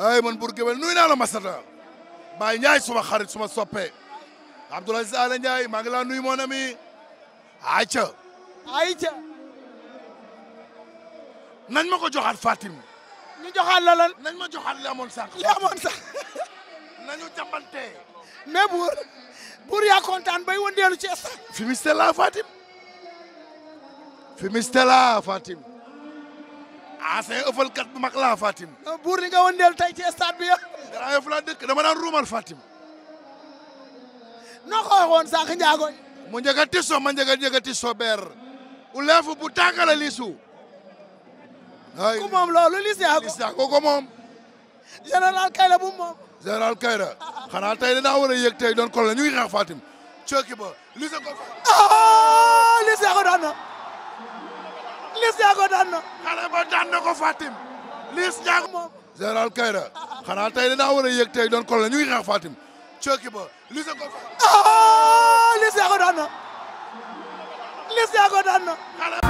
ay man Bour Gueweul nuyu naa la Masata Baye Ndiaye suma xarit suma soppe Abdoul Aziz Ala maa ngi laa nuyu mon ami ayca ayca nañ ma ko joxaat Fatim ñu joxaat la nañ ma joxaat li amoon sànq li amoon sànq nañu jàmbantee mais Bour yaa kontaan bay wëndeelu ci fi mistela Fatim fi mistela Fatim ah c'est ëppalkat bu mag laa Fatim. tey ci stade bi yëpp. dëkk dama ruumal Fatim. noo ko waxoon sànq mu njëkk a tiso ma njëkk a njëkk a tiso beer. liisu. ay ku moom loolu Liss Ndiago ko moom. général Kayra bu moom. tey danaa war a tey doon kol la ñu ngi xeex Fatim. cooki ba Liss ko. Liss Ndiago daan na. xale ba daan na ko Fatim. Liss Ndiago moom. Général Kayra xanaa tey dinaa war a yëg tey doon kol la ñu ngi xeex Fatim. cooki ba Liss ko fa. Ah, Liss Ndiago daan na. Liss Ndiago daan na.